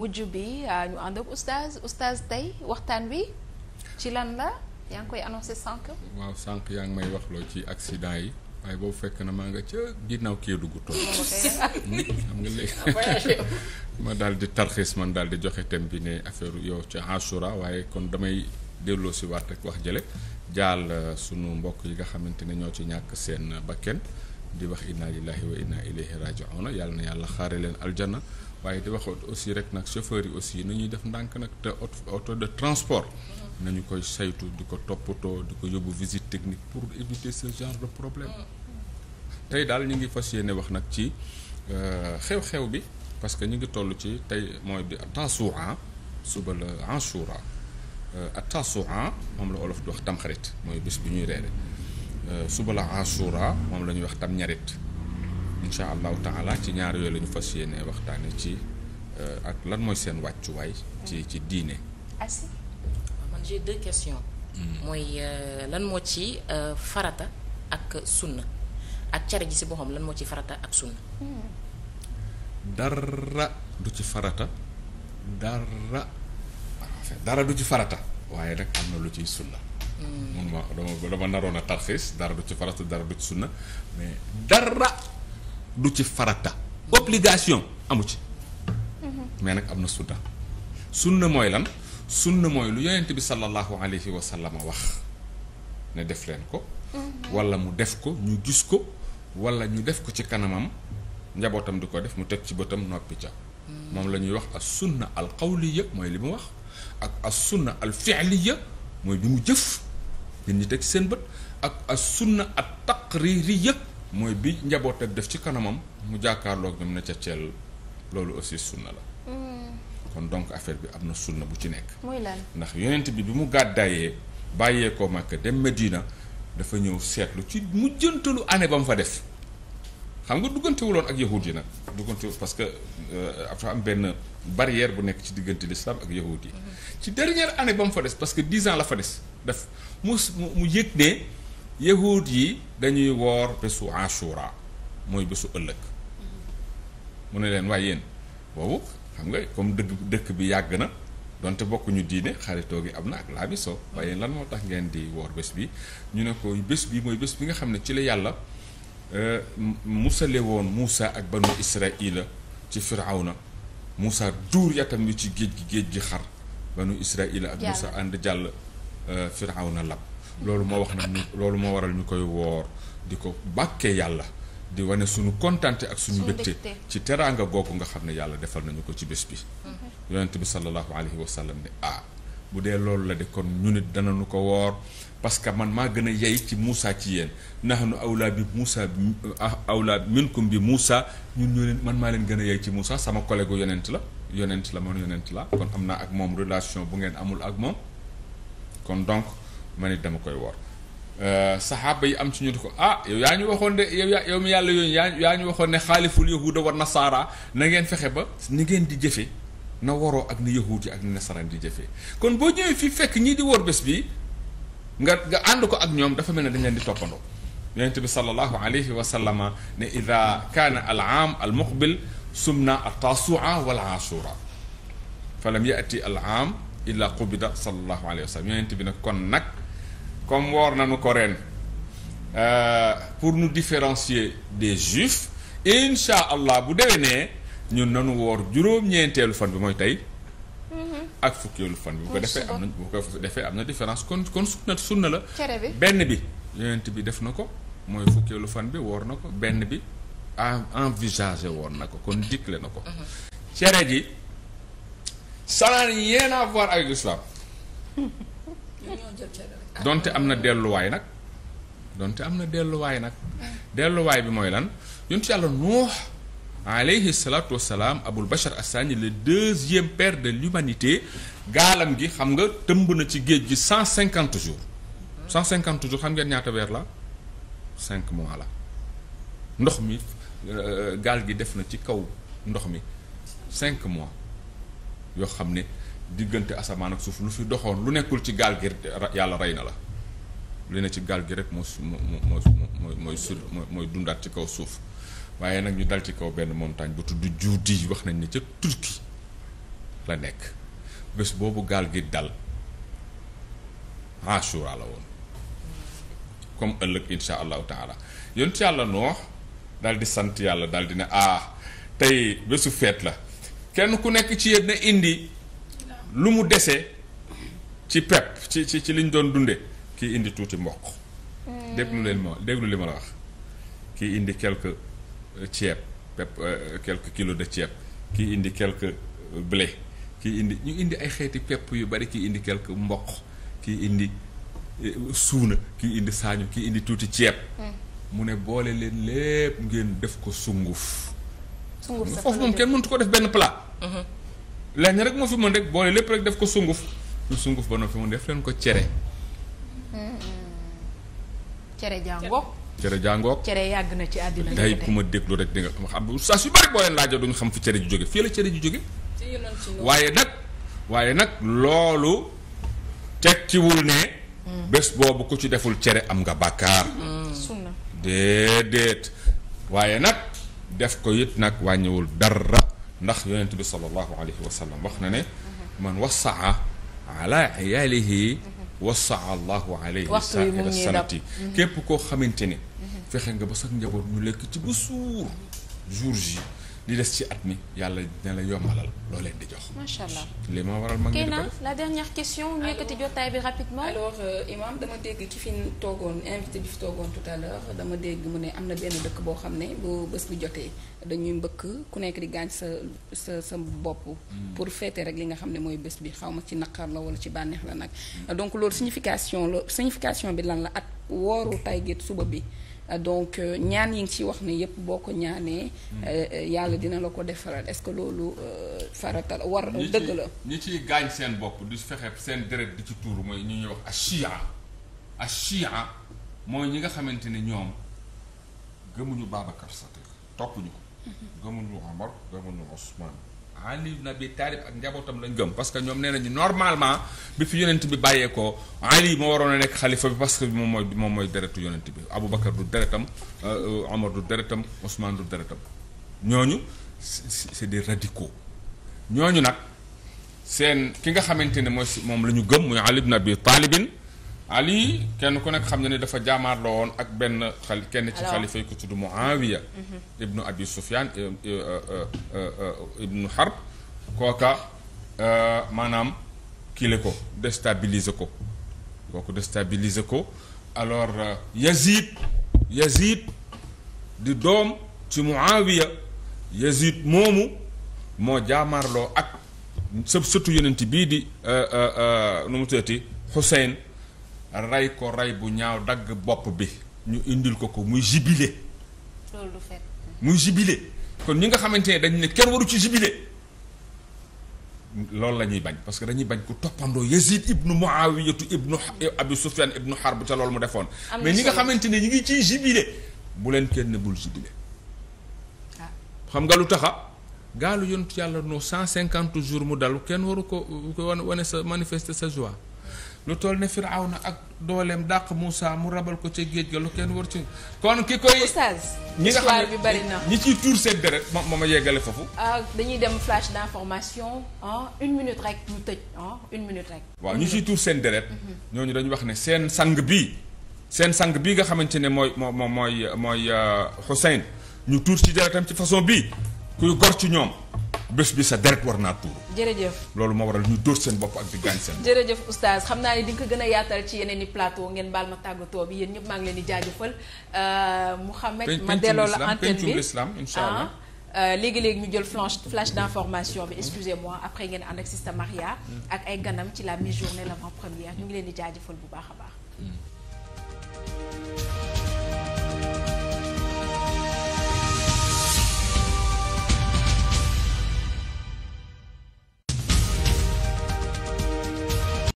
mujj bi euh, ñu ànd ak oustaz oustaz waxtaan wi ci lan la yaa ngi koy annoncé sànq. waaw sànq yaa ngi may wax loo ci accident yi waaye boobu fekk na maa nga ca ginnaaw kii dugg tool. ma daal di tarxiis man daal di joxe thème bi ne affaire yow ca Achoura waaye kon damay delloo si waat rek wax jële jaal euh, sunu mbokk yi nga xamante ne ñoo ci ñàkk seen bakken di wax inna lillahi wa inna ilayhi raji'un yàlla na yàlla xaare leen aljana waaye di waxoon aussi rek nag chauffeurs yi aussi na ñuy def ndànk nag te auto de transport nañu koy saytu di ko toppatoo di ko yóbbu visite technique pour éviter ce genre de problème tey daal ñu ngi fas yéene wax nag ci euh, xew-xew bi parce que ñu ngi toll ci tey mooy bi tasuan suba la Ashura euh, ak tasuan moom la olof di wax tamxarit mooy bis bi ñuy reere euh, suba la Ashura moom la ñuy wax tam ñarit incha allahu taala ci ñaar yooyu la ñu fas yéene waxtaane ci euh, ak lan mooy seen wàccuwaay ci ci diine. asi ah, ah, man hmm. mooy euh, lan moo ci euh, farata ak sunna ak care ji si boppam lan moo ci farata ak sunna. Hmm. dara du ci farata dara ah, dara du ci farata waaye rek am na lu ciy sunna. Hmm. mun ma dama dama naroon a tarxiis dara du ci farata dara du ci sunna mais dara. du ci farata obligation amu ci mm-hmm. mais nag am na sunna sunna mooy lan sunna mooy lu yonent bi sallallahu alayhi wa sallam wax ne def leen ko mm-hmm. walla mu def ko ñu gis ko wala ñu def ko ci kanamam njabootam di ko def mu teg ci bëtam noppi ca mm-hmm. moom la ñuy wax as sunna al qawliya mooy li mu wax ak as sunna al fi'liya mooy bi mu jëf nit ñi teg seen bët ak as sunna at taqririya mooy bi njaboot def ci kanamam mu jàkkaarloog ñoom na ca ceel loolu aussi sunna la. Mm. kon donc affaire bi am na sunna bu ci nekk. muy lan ndax yonent bi bi mu gàddaayee bàyyeekoo Makka dem Medina dafa ñëw seetlu ci mujjantalu année ba mu fa def xam nga duggantewuloon ak yahud yi nag duggante parce que euh, dafa am benn barrière bu nekk ci diggante l'islam ak yahud yi. Mm-hmm. ci dernière année ba mu fa des parce que dix ans la fa des def mu mu yëg ne. yahuud yi dañuy woor bésu ashura mooy bésu ëllëg mu ne leen waaye yéen boobu xam nga comme dëgg dëkk bi yàgg na donte bokkuñu diine xaritoo gi am na ak laabiso waaye lan moo tax ngeen di woor bés bi ñu ne ko bés bi mooy bés bi nga xam ne ci la yàlla euh, musale woon Moussa ak banu Israila ci Firawna Moussa duur yatam wi ci géej gi géej gi xar banu Israila ak Moussa ànd jàll euh, Firawna lab loolu moo wax na ni loolu moo waral ñu koy woor di ko bàkkee yàlla di wane suñu kontante ak suñu mbégte ci teraanga googu nga xam ne yàlla defal nañu ko ci bés bi mhm. yonent bi sallallahu alayhi wa sallam bi ah bu dee loolu la de kon ñu nit danañu ko woor parce que man maa gën a yey ci Moussa ci yéen nahnu awlaa bi Moussa bi ah, awlaa minkum bi Moussa ñun ñu leen man maa leen gën a yey ci Moussa sama collègue yonent la yonent la man yonent la kon am naa ak moom relation bu ngeen amul ak moom kon donc ma ne dama koy woor euh, saxaaba yi am ci ñu ko ah yaa ñu waxoon ne yow mi yàlla yooyu yaa yaa ñu waxoon ne xaaliful yahuuda wa nasaara na ngeen fexe ba ni ngeen di jëfe na waroo ak ni yahuud yi ak ni nasaraan di jëfee kon boo ñëwee fii fekk ñii di woor bés bi nga nga ànd ko ak ñoom dafa mel ne dañ leen di toppandoo yonent bi sallallahu alayhi wa sallama ne ida kaana al aam al muqbil sumna al tasua wal asura fa lam yati al aam illa qubida sallallahu alayhi wa sallam yonent bi nag kon nag comme woor nañu ko ren euh, pour nous différencier des juifs incha allah bu déwénee ñun nanu woor juróom-ñeenteelu fan bi mooy tey mm-hmm. ak fukkeelu fan bi bu ko defee am na bu ko defee am na différence kon kon sunna sunna la benn bi yonent bi def na ko mooy fukkeelu fan bi woor na ko benn bi en envisagé woon na ko kon dikkle na ko mm-hmm. cere ji ça n'a rien à voir avec donte am na delluwaay nag donte am na delluwaay nag delluwaay bi mooy lan yontu yàlla nuux alayhi salaatu wassalaam abul bashar assani le deuxième père de l'humanité gaalam gi xam nga tëmb na ci géej gi cent cinquante jours cent cinquante jours xam ngeen ñaata weer la cinq mois la ndox mi euh, gaal gi def na ci kaw ndox mi cinq mois yoo xam ne diggante asamaan ak suuf lu fi doxoon lu nekkul ci gaal gi yàlla rey na la lu ne ci gaal gi rek moo moo moo moo mooy su mooy dundaat ci kaw suuf waaye nag ñu dal ci kaw benn montagne bu tudd Juudi wax nañ ne ca Turki la nekk bés boobu gaal gi dal Ashura la woon comme ëllëg insha allahu taala yonent yàlla noox daal di sant yàlla daal di ne ah tey bésu feet la kenn ku nekk ci yéen na indi lu mu desee ci pepp ci ci ci liñ doon dunde kii indi tuuti mboq hmm. déglu leen ma déglu li ma la wax kii indi quelque euh, ceeb pepp euh, quelques kilos de ceeb kii indi quelque euh, blé kii indi ñu indi ay xeeti pepp yu bari kii indi quelque mboq kii indi suuna kii indi saañu kii indi tuuti ceeb hmm. mu ne boole leen lépp ngeen def ko sunguf foofu moom kenn mënut ko def benn plat hmm. lenn rek moo fi mën rek boole lépp rek def ko sunguf lu sunguf ba noo fi mën def leen ko cere. Mm-hmm. cere jàngook. cere jàngook. cere yàgg na ci àddina tey ku ma déglu rek di nga xam saa su bari boo leen duñu xam fu cere ju jóge fii la cere ju jóge waaye nag waaye nag loolu tekkiwul ne. Mm. bés boobu ku ci deful cere am nga bàkkaar. Mm. sunna déedéet waaye nag def ko it nag wàññiwul dara. ndax yonent bi sallallahu alayhi wa sallam wax na ne man wasaa ala iyaalihi wasaa allahu alayhi saaira sanati mhm. képp koo xamante ne fexe nga ba sax njaboot ñu lekk ci ba suur jour ji li des ci at mi yàlla dina la yombalal loo leen di jox. macha allah li ma waral ma ngi Kenan la dernière question. ñu yëkkati jotaay bi rapidement. alors euh, Imaam dama dégg ki fi toogoon invité bi fi toogoon tout à l'heure dama dégg mu ne am na benn dëkk boo xam ne bu bés bu jotee dañuy mbëkk ku nekk di gaañ sa sa sa bopp. Hmm. pour féete rek li nga xam ne mooy bés bi xaw ma ci naqar la wala ci bànneex la nag. donc loolu signification la signification bi lan la at wooru tay géet suba bi. donc euh, ñaan yi nga ciy wax ne yépp boo ko ñaanee. Hmm. Euh, euh, yàlla dina la ko defaral est-ce que loolu farata war dëgg la. ñi ciy gaañ seen bokk du fexe seen deret di ci tuuru mooy ñu ñuy wax ashia ashia mooy ñi nga xamante ni ñoom gëmuñu Babacar Sadiq toppuñu ko. Hmm. gëmuñu Omar gëmuñu Ousmane. Ali ibn Abi Talib ak njabootam lañ gëm parce que ñoom nee nañu normalement bi fi yonent bi bàyyeekoo Ali moo waroon a nekk xalifa bi parce que moom mooy moom mooy deretu yonent bi Aboubacar du deretam euh, Omar du deretam Ousmane du deretam ñooñu c'est des radicaux ñooñu nag seen ki nga xamante ne mooy moom la ñu gëm muy Ali ibn Abi Ali kenn ku nekk xam na ni dafa jaamaarloo woon ak benn xal kenn ci xalifa yi ko tudd Muawiya mhm. ibnu Abi Sufyaan euh, euh, euh, ibnu Harb kooka maanaam kile ko destabilise ko kooku déstabiliser ko alors Yazid Yazid di doom ci Muawiya Yazid moomu moo jaamaarloo ak sëb sëtu yonent bii di nu mu tuddati Xuseyn ray ko ray bu ñaaw dagg bopp bi ñu indil ko ko muy jubilé. loolu du muy jubilé kon ñi nga xamante ne dañ ne kenn waru ci jubilé loolu lañuy ñuy bañ parce que dañuy bañ ku toppandoo Yazid ibnu Muawiyatu ibnu eh, Abi Sufyan ibnu ca loolu mu defoon. mais ñi nga xamante ne ñi ngi ciy jubilé bu leen kenn bul jubilé. Ah. xam nga lu taxa gaalu yontu yàlla noo cent cinquante jours mu dalu kenn waru ko wane sa manifester sa joie. lu toll ne Firawna ak dooleem dàq Moussa mu rabal ko ca géej ga lu kenn war ci kon ki koy. oustaz ñi nga xam ne ñi ciy tuur seen deret ma ma ma yeggale foofu. Ah, dañuy dem flash d'information ah une minute rek ñu tëj ah une minute rek. waaw ñi ciy tuur seen deret. Mhm. ñooñu dañu wax ne seen sang bi seen sang bii nga xamante ne mooy moo mooy mooy euh, Hussein ñu tuur ci deretam ci façon bii kuy gor ci ñoom. bés bi sa deret war naa tuuru. jërëjëf loolu moo waral ñu dóor seen bopp ak di gaañ seen. jërëjëf oustaz xam naa ne di nga ko gën a yaatal ci yeneen i plateau ngeen baal ma tàggatoo bi yéen ñëpp maa ngi leen di jaajëfal. Euh, Mouhamed ma delloo la antenne bi pencum l'islam ah, euh, léegi-léegi ñu jël flash flash d'information bi excusez-moi après ngeen ànd ak sista Maria. ak ay ganam ci la mi journée l'avant-première mu ngi leen di jaajafal bu baax a baax. Mm.